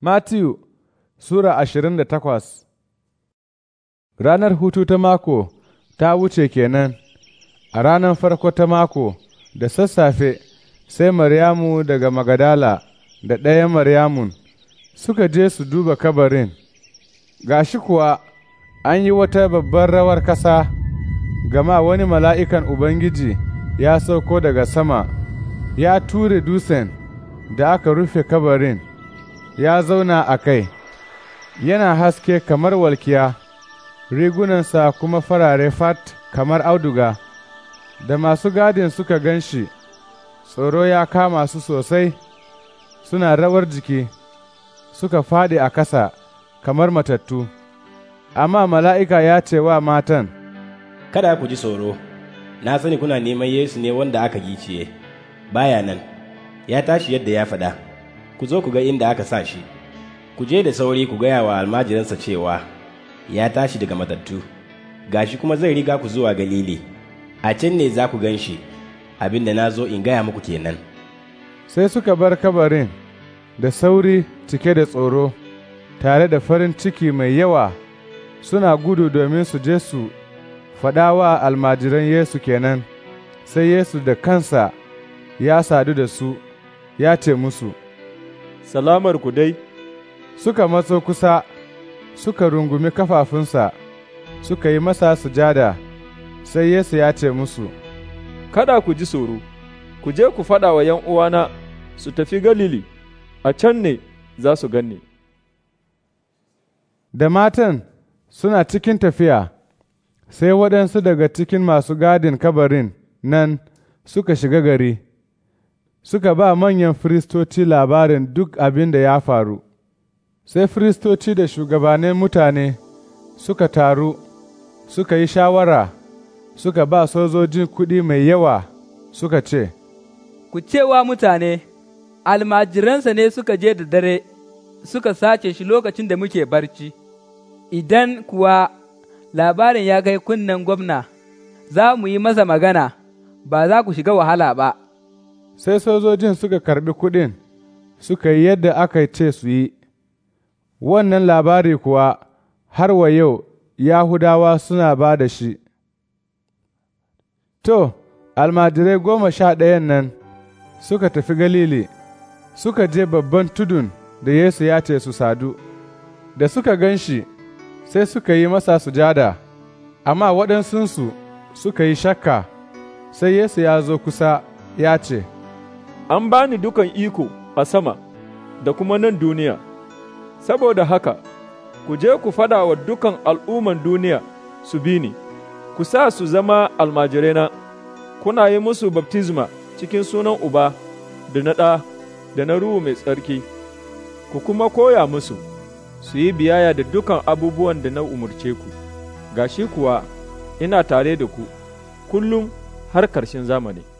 matthew Sura ashirin da takwas Ranar hutu ta mako ta wuce kenan, a ranar farko ta mako da sassafe sai Maryamu daga Magadala da ɗaya Maryamun suka je su duba kabarin. Gashi kuwa an yi wata babbar rawar kasa. gama wani mala'ikan Ubangiji ya sauko daga sama, ya ture dusen da aka rufe kabarin. ya zauna a kai, yana haske kamar walkiya, rigunansa kuma farare fat kamar auduga, da masu gadin suka gan shi, tsoro ya kama su sosai, suna rawar jiki, suka faɗi a kasa kamar matattu. Amma mala'ika ya ce wa matan, Kada ku ji tsoro, na sani kuna neman Yesu ne wanda aka giciye, baya nan, ya tashi yadda ya faɗa. ku zo ku ga inda aka sa shi ku je da sauri ku gaya wa almajiransa cewa ya tashi daga matattu gashi kuma zai riga ku zuwa galili a can ne za ku gan shi abin da na zo in gaya muku kenan sai suka bar kabarin da sauri cike da tsoro tare da farin ciki mai yawa suna gudu domin su je su faɗa wa almajiran yesu kenan sai yesu da kansa ya sadu da su ya ce musu salamar ku dai, suka matso kusa, suka rungumi kafafunsa, suka yi masa sujada, sai Yesu ya ce musu, Kada ku ji tsoro, ku je ku faɗa wa ’yan uwana su tafi Galili, a can ne za su ganni. Da matan suna cikin tafiya, sai waɗansu daga cikin masu gadin kabarin nan suka shiga gari. suka ba manyan firistoci labarin duk abin da ya faru, sai firistoci da shugabannin mutane suka taru, suka yi shawara, suka ba sojoji kuɗi mai yawa, suka ce, Ku cewa mutane, almajiransa ne suka je da dare, suka sace shi lokacin da muke barci, idan kuwa labarin ya kai kunnen gwamna, za mu yi masa magana, ba za ku shiga wahala ba. Sai sojojin suka karɓi kuɗin, suka yi yadda aka ce su yi, wannan labari kuwa har wa yau Yahudawa suna ba da shi. To, almajirai goma sha ɗayan nan suka tafi Galili, suka je babban tudun da Yesu ya ce su sadu, da suka gan shi, sai suka yi masa sujada, amma waɗansunsu suka yi shakka, sai Yesu ya zo kusa ya ce, an ba ni dukan iko a sama da kuma nan duniya, saboda haka, ku je ku fada wa dukan al'umman duniya su bi ni, ku sa su zama almajirena, kuna yi musu baptisma cikin sunan Uba da na ɗa da na ruhu mai tsarki, ku kuma koya musu su yi biyaya da dukan abubuwan da na umarce ku, gashi kuwa ina tare da ku, kullum har ƙarshen zamani.